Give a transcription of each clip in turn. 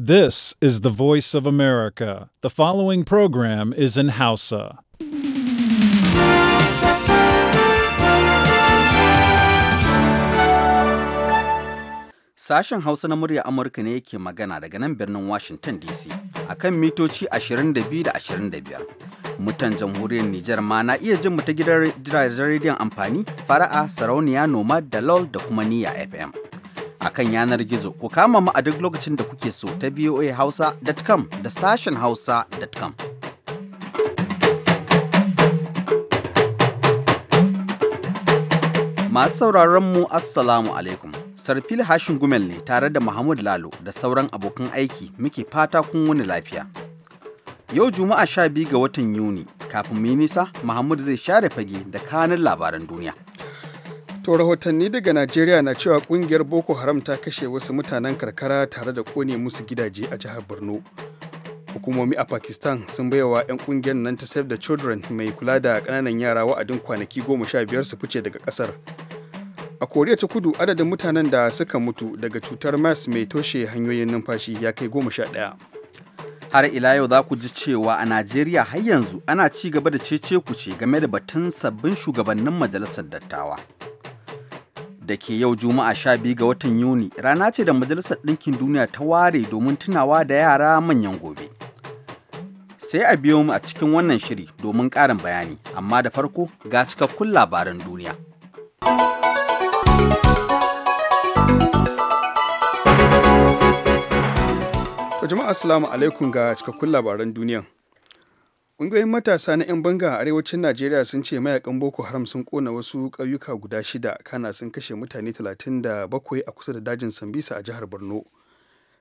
This is the voice of America. The following program is in Hausa. Sashen Hausa na murya Amurka ne yake magana daga nan birnin Washington DC a kan mitoci 22 da 25. Mutan jamhuriyar Nijar ma na iya jin mu ta gidajen rediyon amfani, fara'a, sarauniya, nomad da lol da kuma niya FM. a kan yanar gizo ku kama mu a duk lokacin da kuke so ta voahausa.com da sashen hausa.com. Masu sauraron mu Assalamu alaikum. Sarfil Hashin Gumel ne tare da Muhammad Lalo da sauran abokan aiki muke fata kun wani lafiya. Yau Juma'a sha biyu ga watan Yuni kafin mu nisa Muhammad zai share fage da kanin labaran duniya. To rahotanni daga Najeriya na cewa kungiyar Boko Haram ta kashe wasu mutanen karkara tare da kone musu gidaje a jihar Borno. Hukumomi a Pakistan sun baiwa 'yan kungiyar nan ta Save the Children mai kula da kananan yara wa'adin kwanaki goma sha biyar su fice daga kasar. A Koriya ta kudu adadin mutanen da suka mutu daga cutar mas mai toshe hanyoyin numfashi ya kai goma sha ɗaya. har ila yau za ku ji cewa a najeriya har yanzu ana ci gaba da cece ce game da batun sabbin shugabannin majalisar dattawa da ke yau Juma'a sha biyu ga watan Yuni rana ce da Majalisar Ɗinkin Duniya ta ware domin tunawa da yara manyan gobe. Sai a biyo mu a cikin wannan shiri domin ƙarin bayani, amma da farko ga cikakkun labaran duniya. jama'a assalamu alaikum ga cikakkun labaran duniya Ƙungiyoyin matasa na 'yan banga a arewacin Najeriya sun ce mayakan Boko Haram sun kona wasu ƙauyuka guda shida kana sun kashe mutane 37 a kusa da dajin Sambisa a jihar Borno.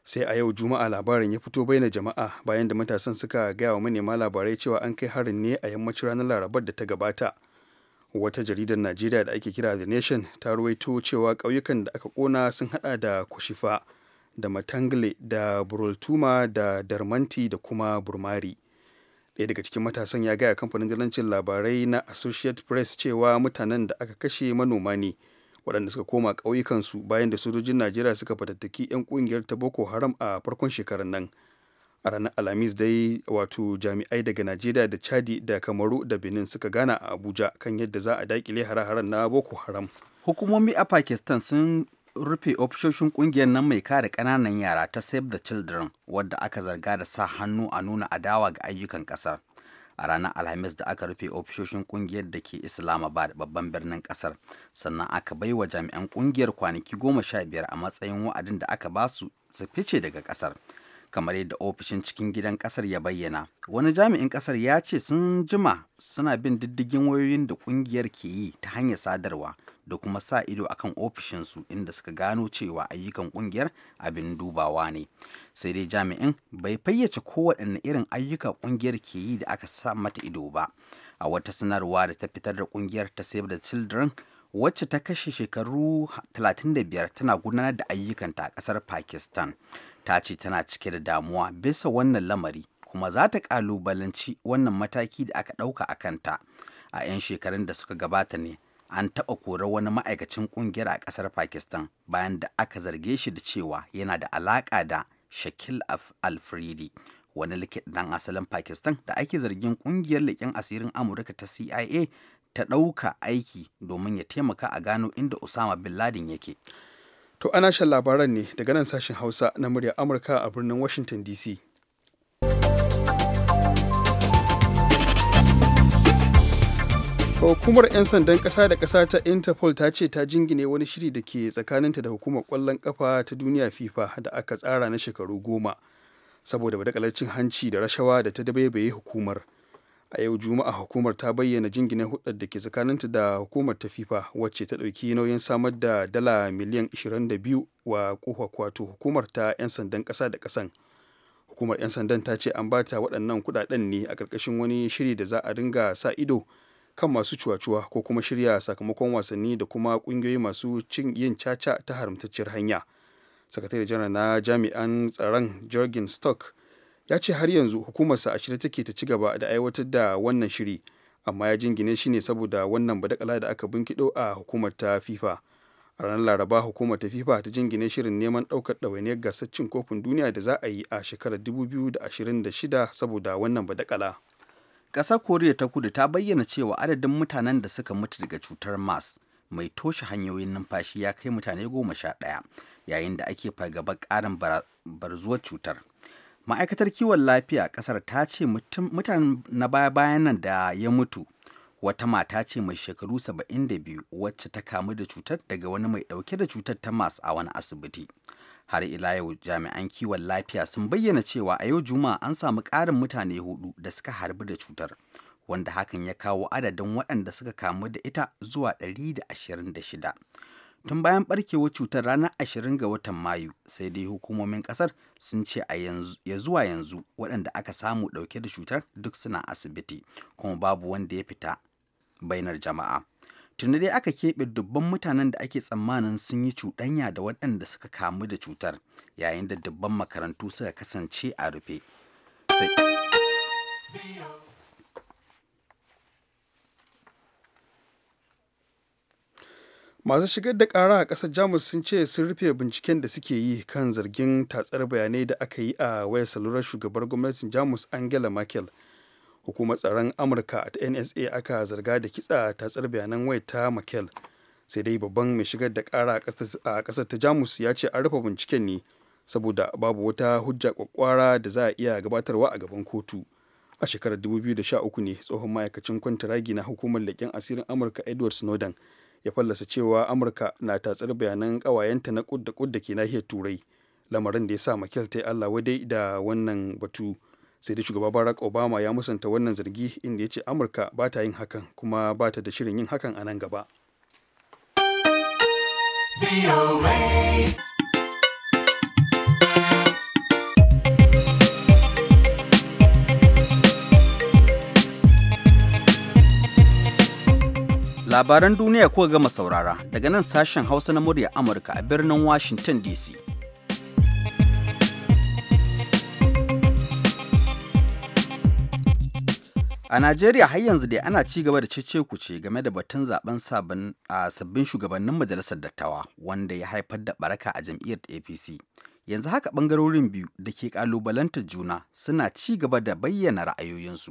Sai a yau Juma'a labarin ya fito na jama'a bayan da matasan suka gaya wa manema labarai cewa an kai harin ne a yammacin ranar Larabar da ta gabata. Wata jaridar Najeriya da ake kira The Nation ta ruwaito cewa ƙauyukan da aka kona sun haɗa da Kushifa da Matangle da Burultuma da Darmanti da kuma Burmari. ɗaya daga cikin matasan ya gaya kamfanin dalancin labarai na associate press cewa mutanen da aka kashe manoma ne waɗanda suka koma ƙauyukansu bayan da sojojin najeriya suka fatattaki 'yan ƙungiyar ta boko haram a farkon shekarar nan a ranar alhamis dai wato jami'ai daga najeriya da chadi da kamaru da benin suka gana a abuja kan yadda za a dakile hare-haren na boko haram hukumomi a pakistan sun rufe ofisoshin kungiyar nan mai kare ƙananan yara ta Save the Children wadda aka zarga da sa hannu a nuna adawa ga ayyukan ƙasar. A ranar Alhamis da aka rufe ofishoshin kungiyar da ke Islamabad babban birnin ƙasar, sannan aka bai wa jami'an kungiyar kwanaki goma sha biyar a matsayin wa'adin da aka ba su fice daga ƙasar. kamar yadda ofishin cikin gidan kasar ya bayyana wani jami'in kasar ya ce sun jima suna bin diddigin wayoyin da kungiyar ke yi ta hanyar sadarwa da kuma sa ido a kan ofishinsu inda suka gano cewa ayyukan kungiyar abin dubawa ne sai dai jami'in bai fayyace kowaɗanne irin ayyuka kungiyar ke yi da aka sa mata ido ba a wata sanarwa da ta fitar da kungiyar ta save the children wacce ta kashe shekaru 35 tana gudanar da ayyukanta a ƙasar pakistan ta ce tana cike da damuwa bisa wannan lamari kuma za ta ƙalubalanci wannan mataki da aka ɗauka a kanta a 'yan shekarun da suka gabata ne an taɓa korar wani ma'aikacin ƙungiyar a ƙasar pakistan bayan da aka zarge shi da cewa yana da alaƙa da shakil alfredi wani likitan asalin pakistan da ake zargin ƙungiyar leƙen asirin amurka ta cia ta ɗauka aiki domin ya taimaka a gano inda usama Bin Laden yake. To ana shan labaran ne daga nan sashen Hausa na murya Amurka a birnin Washington DC. hukumar 'yan sandan ƙasa da kasa ta interpol ta ce ta jingine wani shiri da ke tsakaninta da hukumar kwallon ƙafa ta duniya fifa da aka tsara na shekaru goma saboda badakalar cin hanci da rashawa da ta dabaibaye hukumar a yau juma'a hukumar ta bayyana jingine hudar da ke tsakaninta da hukumar ta fifa wacce ta ɗauki nauyin samar da dala miliyan 22 wa kofa kwato hukumar ta 'yan sandan ƙasa da kasan hukumar 'yan sandan ta ce an bata waɗannan kuɗaɗen ne a ƙarƙashin wani shiri da za a ringa sa ido kan masu cuwa-cuwa ko kuma shirya sakamakon wasanni da kuma kungiyoyi masu cin yin caca ta haramtacciyar hanya sakatare janar na jami'an tsaron jorgin stock ya ce har yanzu hukumarsa a shirya take ta ci gaba da aiwatar da wannan shiri amma ya jingine shi ne saboda wannan badakala da aka binkido a hukumar ta fifa a ranar laraba hukumar ta fifa ta jingine shirin neman ɗaukar ɗawainiyar gasar cin kofin duniya da za a yi a shekarar 2026 saboda wannan badakala ƙasar koriya ta kudu ta bayyana cewa adadin mutanen da suka mutu daga cutar mars mai toshe hanyoyin numfashi ya kai mutane goma sha ɗaya yayin da ake fargaba ƙarin barzuwar cutar ma'aikatar kiwon lafiya ƙasar ta ce mutanen na baya bayan nan da ya mutu wata mata ce mai shekaru da biyu wacce ta kamu da cutar daga wani mai ɗauke da cutar ta mas a wani asibiti har ila yau jami'an kiwon lafiya sun bayyana cewa a yau juma'a an samu ƙarin mutane hudu da suka harbi da cutar wanda hakan ya kawo adadin waɗanda suka kamu da ita zuwa 126 tun bayan barkewar cutar ranar 20 ga watan mayu sai dai hukumomin ƙasar sun ce a ya zuwa yanzu waɗanda aka samu ɗauke da cutar duk suna asibiti kuma babu wanda ya fita bainar jama'a tuni dai aka keɓe dubban mutanen da ake tsammanin sun yi cuɗanya da waɗanda suka kamu da cutar yayin da dubban makarantu suka kasance a rufe masu shigar da ƙara a ƙasar jamus sun ce sun rufe binciken da suke yi kan zargin tatsar bayanai da aka yi a wayar salurar shugabar gwamnatin jamus angela merkel hukumar tsaron amurka ta nsa aka zarga da kitsa tatsar bayanan wai ta makel sai dai babban mai shigar da kara a kasar ta jamus ya ce an rufe binciken ne saboda babu wata hujja kwakwara da za a iya gabatarwa a gaban kotu a shekarar 2013 ne tsohon ma'aikacin kwantaragi na hukumar leƙen asirin amurka edward snowden ya fallasa cewa amurka na tatsar bayanan kawayenta na kudda da ke nahiyar turai lamarin da ya sa makil ta yi allah wadai da wannan batu sai da shugaba barack obama ya musanta wannan zargi inda ya ce amurka ba ta yin hakan kuma ba ta da shirin yin hakan a nan gaba labaran duniya kuka gama saurara daga nan sashen hausa na murya amurka a birnin washington dc A Najeriya har yanzu dai ana ci gaba da cece kuce game da batun zaben sabon sabbin shugabannin majalisar dattawa wanda ya haifar da baraka a jam'iyyar APC. Yanzu haka bangarorin biyu da ke kalubalantar juna suna ci gaba da bayyana ra'ayoyinsu.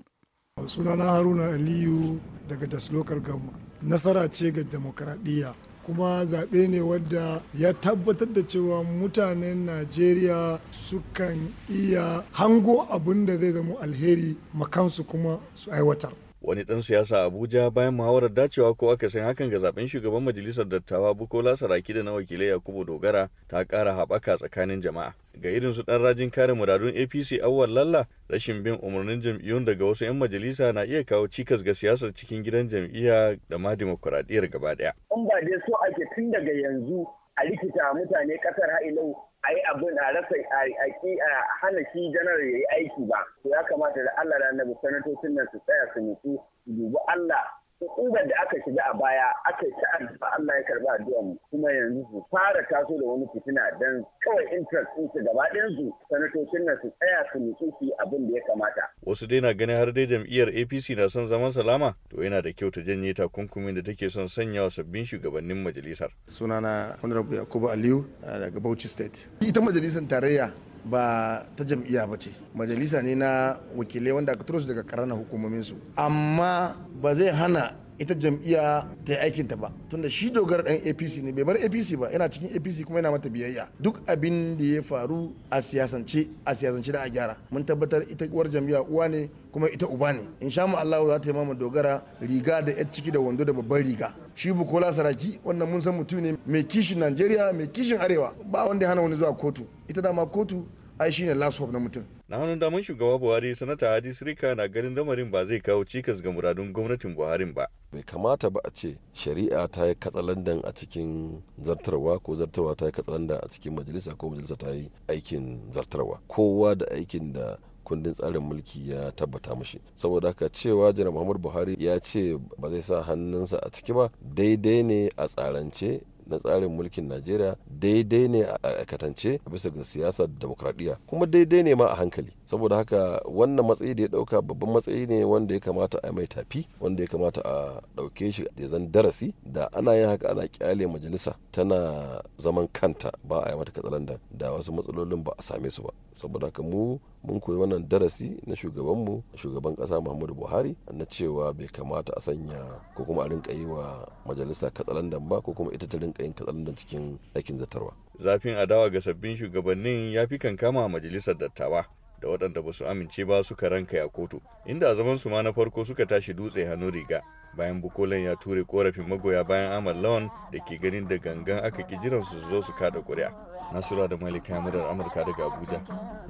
Sunana Haruna Aliyu daga Das Local Government. Nasara ce ga demokradiyya kuma zaɓe ne wadda ya tabbatar da cewa mutanen najeriya sukan iya hango abin da zai zama alheri makansu kuma su aiwatar wani ɗan siyasa abuja bayan muhawarar dacewa ko aka san hakan ga zaben shugaban majalisar dattawa bukola saraki da na wakilai yakubu dogara ta kara haɓaka tsakanin jama'a ga irin su ɗan rajin kare muradun apc awwal lalla rashin bin umarnin jam'iyyun daga wasu 'yan majalisa na iya kawo cikas ga siyasar cikin gidan jam'iyya da ma dimokuraɗiyyar gaba ɗaya. in ba dai so ake tun daga yanzu a rikita mutane ƙasar ha'ilau a yi abin a rasa a hana shi janar ya yi aiki ba to ya kamata da Allah da annabi sanatocin nan su tsaya su nutsu dubi Allah hukumar da aka shiga a baya aka yi ba Allah ya karba mu kuma yanzu su fara taso da wani fitina dan kawai interest din su gaba ɗayan su sanatocin nan su tsaya su nutsu su abin da ya kamata wasu dai na ganin har dai jam'iyyar APC na son zaman salama to yana da kyau ta janye takunkumin da take son sanya wa sabbin shugabannin majalisar sunana honorable Yakubu Aliyu daga Bauchi state ita majalisar tarayya ba ta jam'iyya ba ce majalisa ne na wakilai wanda aka turo su daga karana hukumomin su amma ba zai hana ita jam'iyya ta yi aikin ta ba tunda shi dogara dan APC ne bai bar APC ba yana cikin APC kuma yana mata biyayya duk abin da ya faru a siyasance a siyasance da a gyara mun tabbatar ita uwar jam'iyya uwa ne kuma ita uba ne in sha mu Allah za ta yi mama dogara riga da yar ciki da wando da babban riga shi Bukola Saraki wannan mun san mutum ne mai kishin Najeriya mai kishin Arewa ba wanda ya hana wani zuwa kotu ita dama kotu ai shine last hope na mutum na hannun daman shugaba buhari sanata hadi sirika na ganin lamarin ba zai kawo cikas ga muradun gwamnatin buhari ba bai kamata ba a ce shari'a ta yi katsalandan a cikin zartarwa ko zartarwa ta yi katsalandan a cikin majalisa ko majalisa ta yi aikin zartarwa kowa da aikin da kundin tsarin mulki ya tabbata mashi saboda haka cewa janar muhammadu buhari ya ce ba zai sa hannunsa a ciki ba daidai ne a tsarance na tsarin mulkin najeriya daidai ne a katance bisa ga siyasar demokradiyya kuma daidai ne ma a hankali saboda haka wannan matsayi da ya dauka babban matsayi ne wanda ya kamata a mai tafi wanda ya kamata a dauke shi da zan darasi da ana yin haka ana kyale majalisa tana zaman kanta ba a yi mata katsalandan da wasu matsalolin ba a same su ba saboda haka mu mun koyi wannan darasi na shugabanmu shugaban kasa muhammadu buhari na cewa bai kamata a sanya ko kuma a rinka yi wa majalisa katsalandan ba ko kuma ita ta rinka yin katsalandan cikin aikin zatarwa zafin adawa ga sabbin shugabannin ya fi kankama majalisar dattawa da waɗanda ba su amince ba suka ranka ya kotu inda zaman su ma na farko suka tashi dutse hannu riga bayan bukolan ya ture korafin magoya bayan amal lawan da ke ganin da gangan aka ki jiran su zo su kada kuri'a nasura da malika murar amurka daga abuja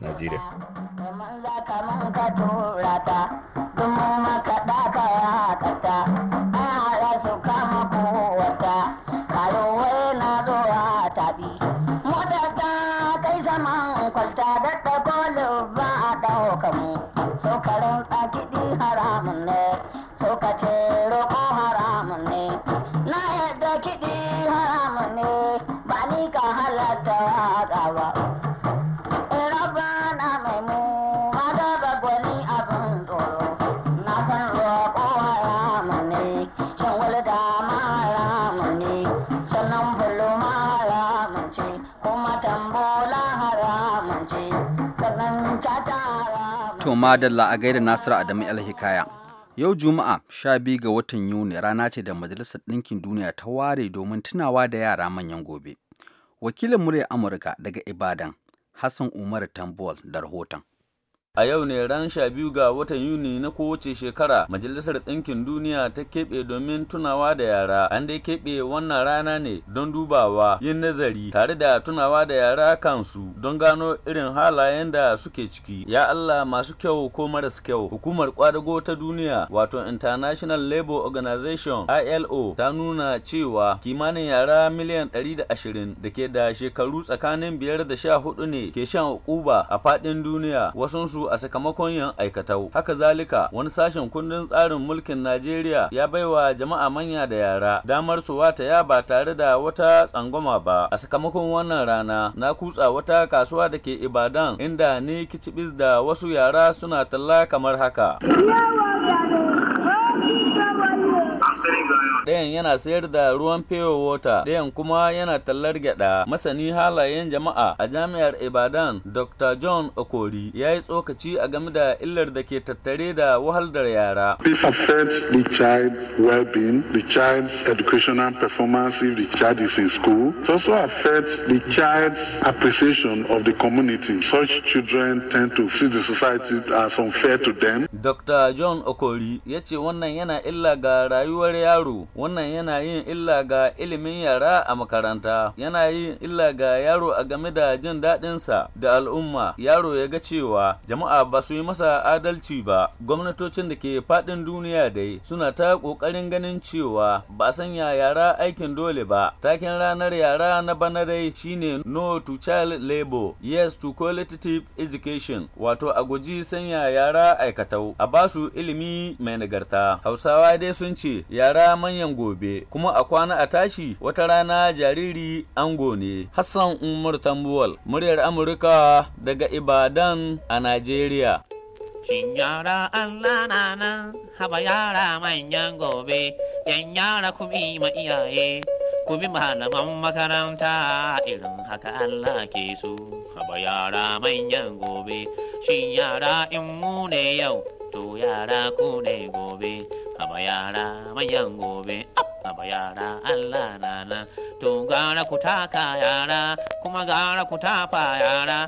najeriya Thank you. To madalla a gaida Nasiru Adamu Alhikaya. Yau Juma'a 12 ga watan Yuni rana ce da Majalisar Ɗinkin Duniya ta ware domin tunawa da yara manyan gobe. Wakilin murya Amurka daga Ibadan, Hassan Umar Tambol da rahoton. A yau ne ran sha biyu ga watan Yuni na kowace shekara Majalisar Ɗinkin Duniya ta keɓe domin tunawa da yara. An dai keɓe wannan rana ne don dubawa, yin nazari tare da tunawa da yara kansu don gano irin halayen da suke ciki. Ya Allah masu kyau ko maras kyau. Hukumar kwadago ta duniya wato International Labour Organization ILO ta nuna cewa kimanin yara miliyan ɗari da ashirin da ke da shekaru tsakanin biyar da sha hudu ne ke shan uba a faɗin duniya. Wasunsu a sakamakon yin aikatau haka zalika wani sashen kundin tsarin mulkin Najeriya ya baiwa jama'a manya da yara damar su wata ya ba tare da wata tsangwama ba a sakamakon wannan rana na kutsa wata kasuwa da ke Ibadan inda ni kicibis da wasu yara suna talla kamar haka. ɗayan yana sayar da ruwan pure water ɗayan kuma yana tallar gyaɗa masani halayen jama'a a jami'ar ibadan dr john okori ya yi tsokaci a game da illar da ke tattare da wahaldar yara the child well-being, the child's educational performance if the child is in school. It also affects the child's appreciation of the community. Such children tend to see the society as unfair to them. Dr. John Okori ya ce wannan yana illa ga rayuwar yaro wannan yana yin illa ga ilimin yara a makaranta yana yin illa ga yaro a game da jin daɗinsa da al'umma yaro ya ga cewa jama'a ba su yi masa adalci ba gwamnatocin da ke faɗin duniya dai suna ta ƙoƙarin ganin cewa ba sanya yara aikin dole ba taken ranar yara na bana dai shine no to child labor yes to qualitative education wato a guji sanya yara aikatau a ba su ilimi mai nagarta hausawa dai sun ce yara manyan gobe kuma a kwana a tashi wata rana jariri ango ne hassan umar tambuwal muryar amurka daga ibadan a najeriya Shin yara Allah na nan haba yara manyan gobe, yan yara ku bi ma iyaye, ku bi malaman makaranta irin haka Allah ke so. Haba yara manyan gobe, shin yara in mu ne yau, to yara ko ne gobe aba yara manyan gobe aba yara allah nana to gara ku taka yara kuma gara ku tafa yara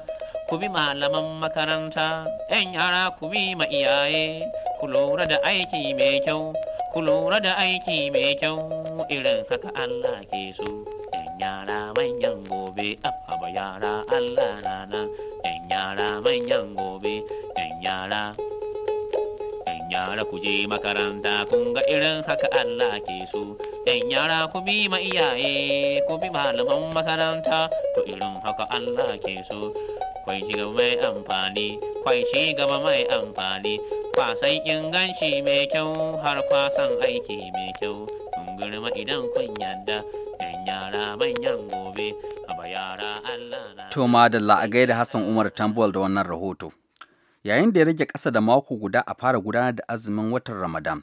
ku bi malaman makaranta 'yan yara ku bi ma iyaye ku lura da aiki mai kyau ku lura da aiki mai kyau irin haka Allah ke so 'yan yara manyan gobe aba yara Allah nana 'yan yara manyan gobe yara yara ku je makaranta kun ga irin haka Allah ke so yan yara ku bi ma iyaye ku bi malaman makaranta to irin haka Allah ke so kwai ci gaba mai amfani kwai ci gaba mai amfani kwasan inganci mai kyau har kwasan aiki mai kyau kun girma idan kun yadda yan yara manyan gobe a yara Allah na to da la'agai da Hassan Umar Tambuwal da wannan rahoto yayin da ya rage ƙasa da mako guda a fara gudanar da azumin watan ramadan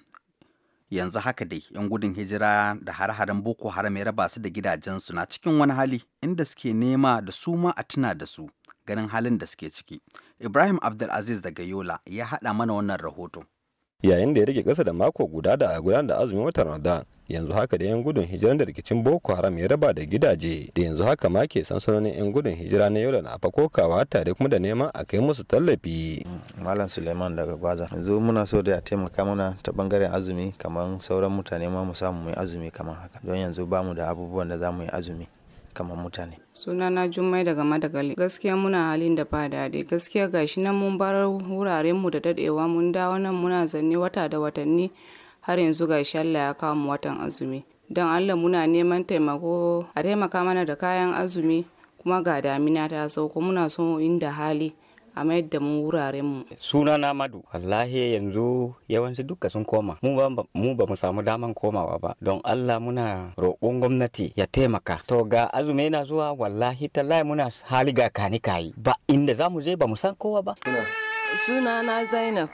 yanzu haka dai yan gudun hijira da har-haren boko haram ya raba su da gidajensu na cikin wani hali inda suke nema da su ma a tuna da su ganin halin da suke ciki ibrahim abdulaziz daga yola ya haɗa mana wannan rahoton yayin da ya rike kasa da mako guda da a gudanar da azumin watan ramadan yanzu haka da 'yan gudun hijiran da rikicin boko haram ya raba da gidaje da yanzu haka ma ke sansanonin 'yan gudun hijira na yau da na kokawa tare kuma da neman a kai musu tallafi malam suleiman daga gwaza yanzu muna so da ya taimaka mana ta bangaren azumi kamar sauran mutane ma mu samu mu yi azumi kamar haka don yanzu bamu da abubuwan da za mu yi azumi kamar mutane sunana jummai daga madagali gaskiya muna halin da ba daɗi gaskiya gashi nan mun bar wuraren mu da dadewa mun dawo nan muna zanne wata da watanni har yanzu gashi Allah ya kawo mu watan azumi don Allah muna neman taimako a taimaka mana da kayan azumi kuma ga damina ta sauko muna so inda hali a mayar da mu wuraren mu suna na madu wallahi yanzu yawanci duka sun koma mu ba mu samu daman komawa ba don Allah muna roƙon gwamnati ya taimaka to ga azumi yana zuwa wallahi tallahi muna hali ga kani kayi ba inda zamu je ba mu san kowa ba suna na Zainab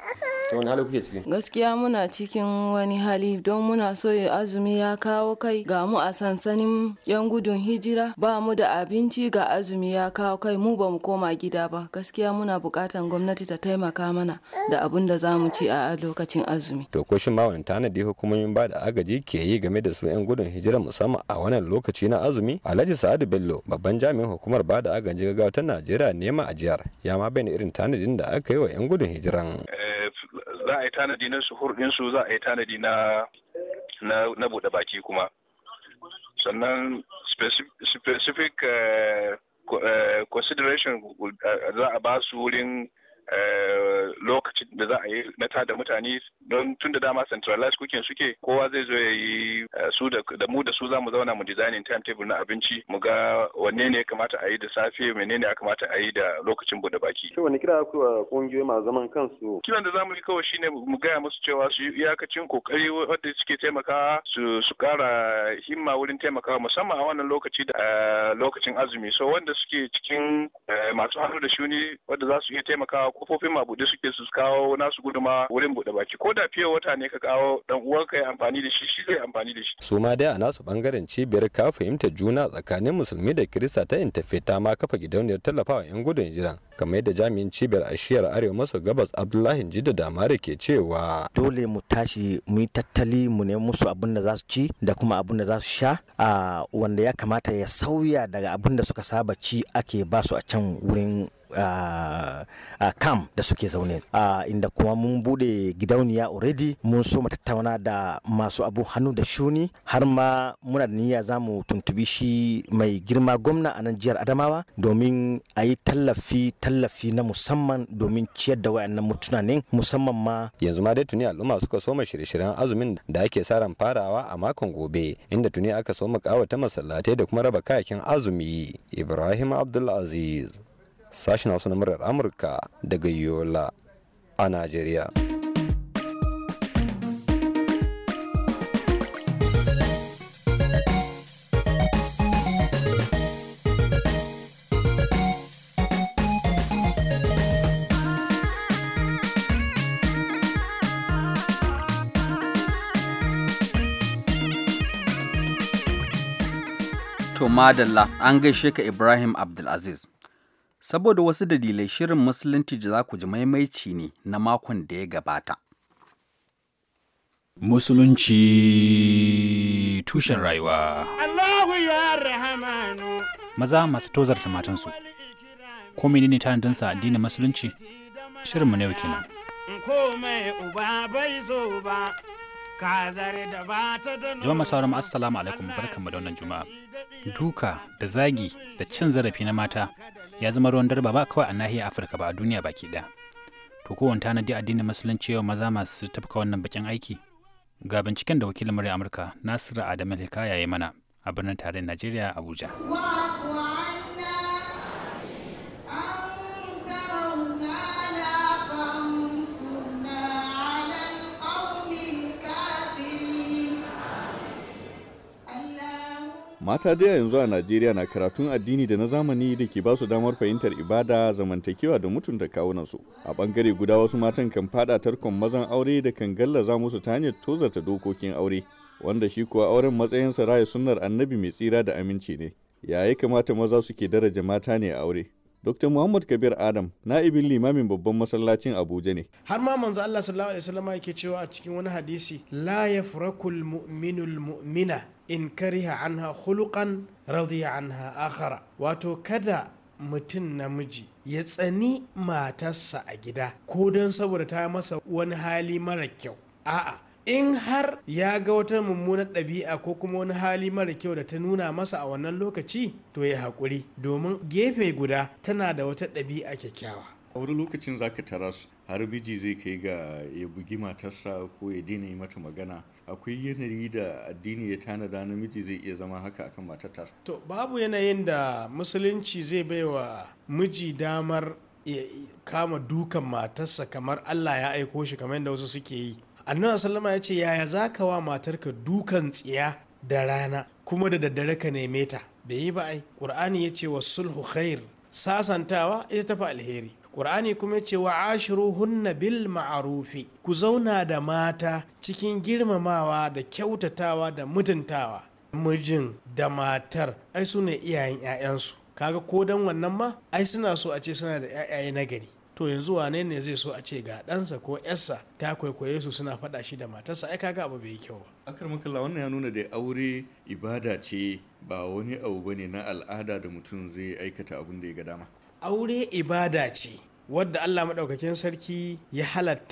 to wani hali kuke ciki gaskiya muna cikin wani hali don muna so ya azumi ya kawo kai ga mu a sansanin yan gudun hijira ba mu da abinci ga azumi ya kawo kai mu ba mu koma gida ba gaskiya muna bukatan gwamnati ta taimaka mana da abun da za mu ci a lokacin azumi to ko shin ma wani tanadi hukumomin ba da agaji ke yi game da su yan gudun hijira musamman a wannan lokaci na azumi alhaji sa'adu bello babban jami'in hukumar ba da agaji gaggawa ta najeriya nema ajiyar ya ma bayyana irin tanadin da aka yi wa yan gudun hijiran eh, za a yi tanadi na suhur ɗinsu za a yi tanadi na na buɗe baki kuma sannan specific eh, eh, consideration uh, za a ba su wurin Eh, lokacin da za a yi na tada mutane don tun da dama centralized cooking suke kowa zai zo ya yi eh, su da mu da su za mu zauna mu designing timetable na abinci mu ga wanne ne ya kamata a yi da safe ne ya kamata a yi da lokacin bude baki. Shi wani kira ku kungiyoyi masu zaman kansu? Kiran da za mu yi kawai shine mu gaya musu cewa su yi iyakacin kokari wadda suke taimakawa su su kara himma wurin taimakawa musamman a wannan lokaci da eh, lokacin azumi so wanda suke cikin masu hannu da shuni wadda za su iya taimakawa kofofin mabuɗe suke su kawo nasu guduma wurin buɗe baki ko da fiye wata ne ka kawo dan uwanka ya amfani da shi shi zai amfani da shi su ma dai a nasu bangaren cibiyar ka fahimta juna tsakanin musulmi da kirista ta intafe ta ma kafa gidauniyar tallafawa yan gudun hijira kamar yadda jami'in cibiyar a shiyar arewa maso gabas abdullahi jida damare ke cewa dole mu tashi mu yi tattali mu nemi musu abin da za su ci da kuma abin da za su sha a wanda ya kamata ya sauya daga abin da suka saba ci ake basu a can wurin kam uh, uh, da suke zaune uh, inda kuma mun bude gidauniya already mun so tattauna da masu abu hannu da shuni har ma muna da niyya za mu tuntubi shi mai girma gwamna a nan jihar adamawa domin a yi tallafi tallafi na musamman domin ciyar da wayannan mutuna ne musamman ma yanzu ma dai tuni al'umma suka soma shirye-shiryen azumin da ake sa ran farawa a makon gobe inda tuni aka soma kawata masallatai da kuma raba kayakin azumi ibrahim abdulaziz sashen hausa na murar amurka daga yola a najeriya madalla an gaishe ka Ibrahim Abdulaziz. Saboda wasu dalilai shirin Musulunci da za ku ji maimaici ne na makon da ya gabata. Musulunci tushen rayuwa. Allahu ya rahamanu. Maza masu tozarta matansu. Ko menene tanadinsa addinin Musulunci? mu na yau kenan. Komai uba bai zo ba. Jama'a masu assalamu alaikum barkanmu da wannan juma'a. Duka da zagi da cin zarafi na mata ya zama ruwan darba ba kawai a nahiyar afirka ba a duniya baki ɗaya to kowane tanadi addinin musulunci yau maza masu tafka wannan bakin aiki ga binciken da wakilin murya amurka nasiru adamu hikaya ya yi mana a birnin tarayyar najeriya abuja Mata da yanzu a Najeriya na karatun addini da na zamani da ke basu damar fahimtar ibada, zamantakewa da mutunta kawunansu. A bangare guda wasu matan kan fada tarkon mazan aure da kan gallaza musu ta hanyar tozarta dokokin aure, wanda shi kuwa auren matsayinsa raya sunnar annabi mai tsira da aminci ne. Yaya kamata maza suke daraja mata ne a aure? Dr. Muhammad Kabir Adam, na'ibin limamin babban masallacin Abuja ne. Har ma manzo Allah sallallahu alaihi wasallam yake cewa a cikin wani hadisi, la yafrakul mu'minul mu'mina in kariha anha khuluqan radiya anha akhara wato kada mutum namiji ya tsani matarsa a gida ko don saboda ta masa wani hali mara kyau a'a in har ya ga wata mummunar ɗabi'a ko kuma wani hali mara kyau da ta nuna masa a wannan lokaci to ya haƙuri domin gefe guda tana da wata ɗabi'a kyakkyawa a wani lokacin za ka tara har miji zai kai ga ya bugi matarsa ko ya daina yi mata magana akwai yanayi da addini ya tanada namiji zai iya zama haka akan matar to babu yanayin da musulunci zai baiwa miji damar ya kama dukan matarsa kamar allah ya aiko shi kamar yadda wasu suke yi annabi sallama ya ce yaya za ka wa matarka dukan tsiya da rana kuma da daddare ka neme ta bai yi ba ai qur'ani ya ce wa sulhu khair sasantawa ita tafi alheri ƙur'ani kuma ce wa hunna bil ma'arufi ku zauna da mata cikin girmamawa da kyautatawa da mutuntawa mijin da matar ai su ne iyayen 'ya'yansu kaga ko dan wannan ma ai suna so a ce suna da 'ya'yaye na gari to yanzu wane ne zai so a ce ga ɗansa ko yarsa ta kwaikwaye su suna faɗa shi da matarsa ai kaga abu bai kyau ba akar makalla wannan ya nuna da aure ibada ce ba wani abu bane na al'ada da mutum zai aikata abin da ya ga dama aure ibada ce wadda Allah maɗaukakin sarki ya halatta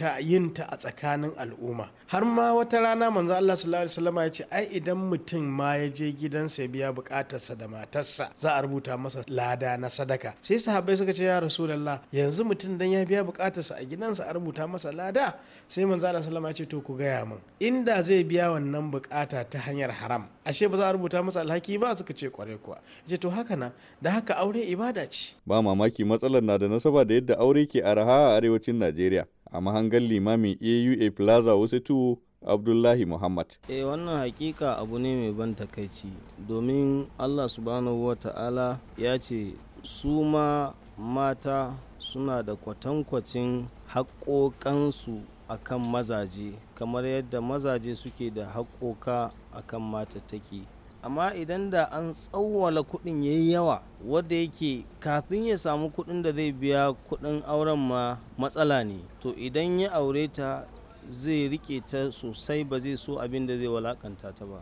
ta a tsakanin al'umma har ma wata rana manzo Allah sallallahu alaihi wasallam ya ce ai idan mutum ma ya je gidansa biya bukatarsa da matarsa za a rubuta masa lada na sadaka sai sahabbai suka ce ya rasulullah yanzu mutum dan ya biya bukatarsa a gidansa a rubuta masa lada sai manzo Allah sallallahu alaihi ya ce to ku gaya min inda zai biya wannan bukata ta hanyar haram ashe ba za a rubuta masa alhaki ba suka ce kware kuwa ce to haka na da haka aure ibada ce ba mamaki matsalar na da nasaba da yadda aure ke araha a arewacin Najeriya a mahangar limamin AUA Plaza wasu tuwo, Abdullahi Muhammad. E wannan hakika abu ne mai ban takaici domin Allah subhanahu wa ta'ala ya ce su ma mata suna da kwatankwacin haƙoƙansu a kan mazaje kamar yadda mazaje suke da haƙoƙa a kan matattaki. amma idan da an tsawwala kuɗin ya yi yawa wadda yake kafin ya samu kuɗin da zai biya kuɗin auren ma matsala ne to idan ya aure ta zai rike ta sosai ba zai so abin da zai walakanta ta ba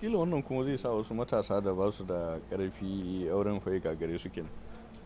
kila wannan kuma zai sa wasu matasa da ba su da ƙarfi auren fai gagare su kenan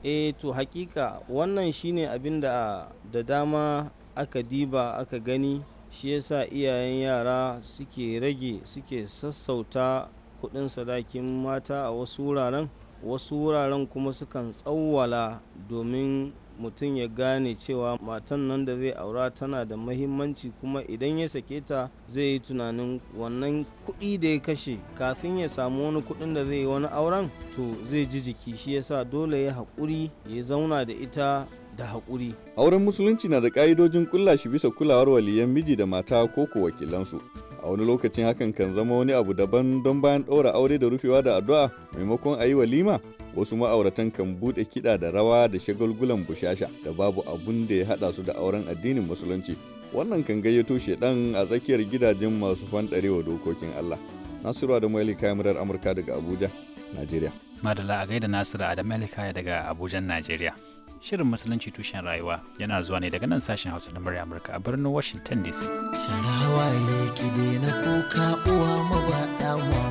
eh to hakika wannan shine abin da da dama aka diba aka gani shi yasa iyayen yara suke rage suke sassauta kuɗin sadakin mata a wasu wuraren wasu wuraren kuma sukan tsawwala domin mutum ya gane cewa matan nan da zai aura tana da mahimmanci kuma idan ya sake ta zai yi tunanin wannan kuɗi da ya kashe kafin ya samu wani kuɗin da zai yi wani auren to zai ji jiki shi yasa dole ya haƙuri ya zauna da ita da haƙuri. Auren musulunci na da ƙa'idojin kulla shi bisa kulawar waliyan miji da mata ko ko wakilansu. a wani lokacin hakan kan zama wani abu daban don bayan ɗora aure da rufewa da addu'a maimakon a yi walima wasu ma'auratan kan buɗe kiɗa da rawa da shagulgulan bushasha da babu abun da ya haɗa su da auren addinin musulunci wannan kan gayyato shedan a tsakiyar gidajen masu fanɗarewa dokokin Allah Nasiru da Maili kamarar Amurka daga Abuja Najeriya Madala a gaida Nasiru Adam Elika daga abuja'n Najeriya shirin musulunci tushen rayuwa yana zuwa ne daga nan sashen hausa na murya amurka a birnin washington dc sharawa ne na kuka uwa mama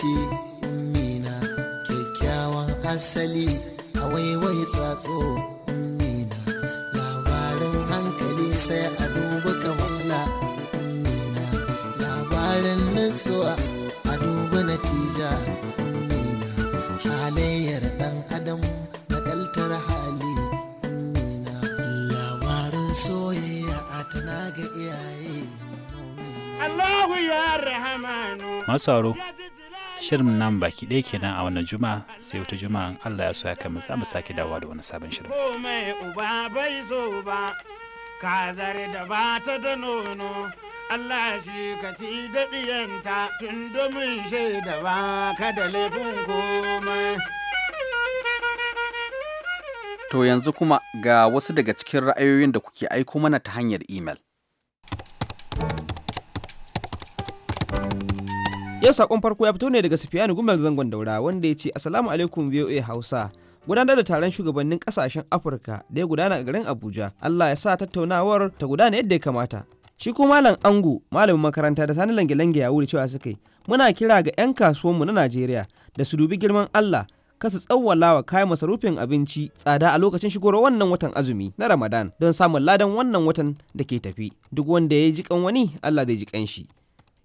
ce mina kyakkyawan asali a waiwai tsatso mina labarin hankali sai a duba kamala mina labarin nutsuwa a duba natija mina halayyar dan adam na kaltar hali mina labarin soyayya a tana ga iyaye Allahu ya rahamanu. Masaro. shirin nan baki ɗaya kenan a wannan juma'a sai wata juma'a Allah ya so ya kai mu za mu sake dawowa da wani sabon shirin bai da ba ta da nono Allah shi ka ti da diyanta tun domin shaida ba ka da laifin komai. To yanzu kuma ga wasu daga cikin ra'ayoyin da kuke aiko mana ta hanyar imel. Yau sakon farko ya fito ne daga Sufiyanu Gumbel zangon daura wanda ya ce Assalamu alaikum VOA Hausa. gudanar da taron shugabannin kasashen afirka da ya gudana a garin abuja allah ya sa tattaunawar ta gudana yadda ya kamata shi kuma malam ango malamin makaranta da sani lange-lange ya wuri cewa suka yi muna kira ga 'yan kasuwanmu na najeriya da su dubi girman allah kasu tsawwala wa kayan masarufin abinci tsada a lokacin shigowar wannan watan azumi na ramadan don samun ladan wannan watan da ke tafi duk wanda ya ji jikan wani allah zai ji shi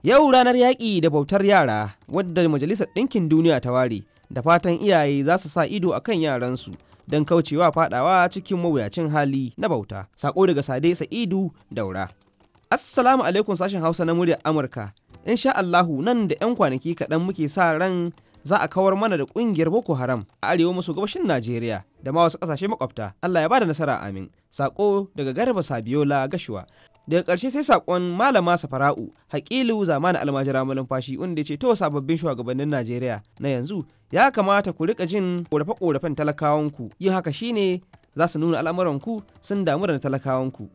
Yau ranar yaƙi da bautar yara wadda Majalisar Ɗinkin Duniya ta ware da fatan iyaye za su sa ido a kan yaransu don kaucewa fadawa cikin mawuyacin hali na bauta. Sako daga Sade Sa'idu Daura. Assalamu alaikum sashen Hausa na muryar Amurka. in sha Allahu nan da 'yan kwanaki kaɗan muke sa ran za a kawar mana da ƙungiyar Boko Haram a arewa maso gabashin Najeriya da ma wasu ƙasashe makwabta. Allah ya ba da nasara amin. Sako daga Garba Sabiola Gashuwa. daga ƙarshe sai saƙon malama safara'u haƙilu zamanin almajira fashi wanda ya ce to sababbin shugabannin najeriya na yanzu ya kamata ku rika jin ƙorafe-ƙorafen talakawanku yin haka shine za su nuna ku sun damu da talakawanku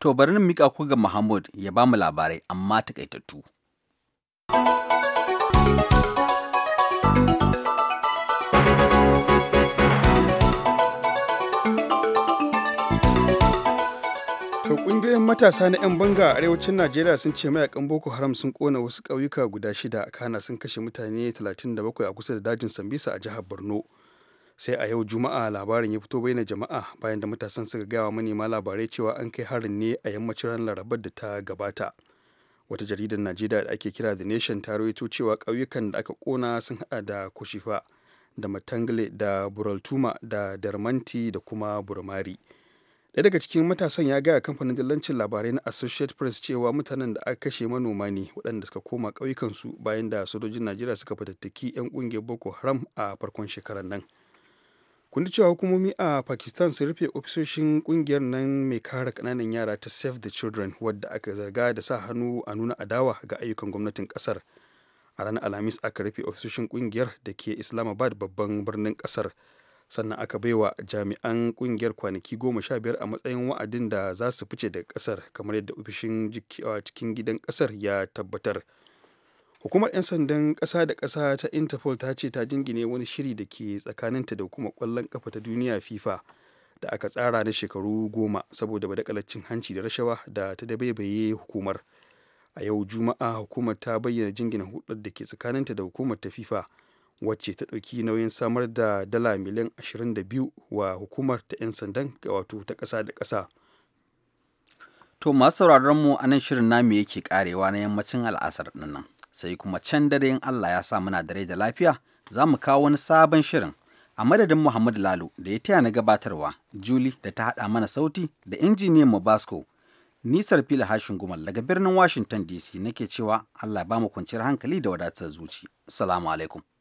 To bari na mika ku ga Muhammad ya ba mu labarai amma takaitattu. Ƙungiyoyin matasa na 'yan banga a arewacin Najeriya sun ce mayakan Boko Haram sun kona wasu ƙauyuka guda shida kana sun kashe mutane 37 a kusa da dajin Sambisa a jihar Borno. Sai a yau Juma'a labarin ya fito bayyana jama'a bayan da matasan suka gaya wa manema labarai cewa an kai harin ne a yammacin ranar Larabar da ta gabata. Wata jaridar Najeriya da ake kira The Nation ta rawaito cewa ƙauyukan da aka kona sun haɗa da Kushifa da Matangle da Buraltuma da Darmanti da kuma Burmari. ɗaya daga cikin matasan ya gaya kamfanin dillancin labarai na associate press cewa mutanen da aka kashe manoma ne waɗanda suka koma ƙauyukansu bayan da sojojin najeriya suka fatattaki 'yan ƙungiyar boko haram a farkon shekarar nan kun cewa hukumomi a pakistan sun rufe ofisoshin ƙungiyar nan mai kare ƙananan yara ta save the children wadda aka zarga da sa hannu a nuna adawa ga ayyukan gwamnatin ƙasar a ranar alhamis aka rufe ofisoshin ƙungiyar da ke islamabad babban birnin ƙasar sannan aka baiwa jami'an kungiyar kwanaki goma sha biyar a matsayin wa'adin da za su fice daga kasar kamar yadda ofishin cikin gidan kasar ya tabbatar hukumar 'yan sandan ƙasa da kasa ta interpol ta ce ta jingine wani shiri da ke tsakaninta da hukumar kwallon kafa ta duniya fifa da aka tsara na shekaru goma saboda badakalacin hanci da rashawa da ta dabaibaye hukumar a yau juma'a hukumar ta bayyana jingina hudar da ke tsakaninta da hukumar ta fifa wacce ta ɗauki nauyin samar da dala miliyan 22 wa hukumar ta 'yan sandan ga wato ta ƙasa da ƙasa to masu sauraron mu anan shirin namu yake karewa na yammacin al'asar nan sai kuma can dare in Allah ya sa muna dare da lafiya za mu kawo wani sabon shirin a madadin Muhammadu lalu da ya taya na gabatarwa juli da ta haɗa mana sauti da injiniyan mu Basco nisar fila hashin gumal daga birnin Washington DC nake cewa Allah ba mu kwanciyar hankali da wadatar zuci. Assalamu alaikum.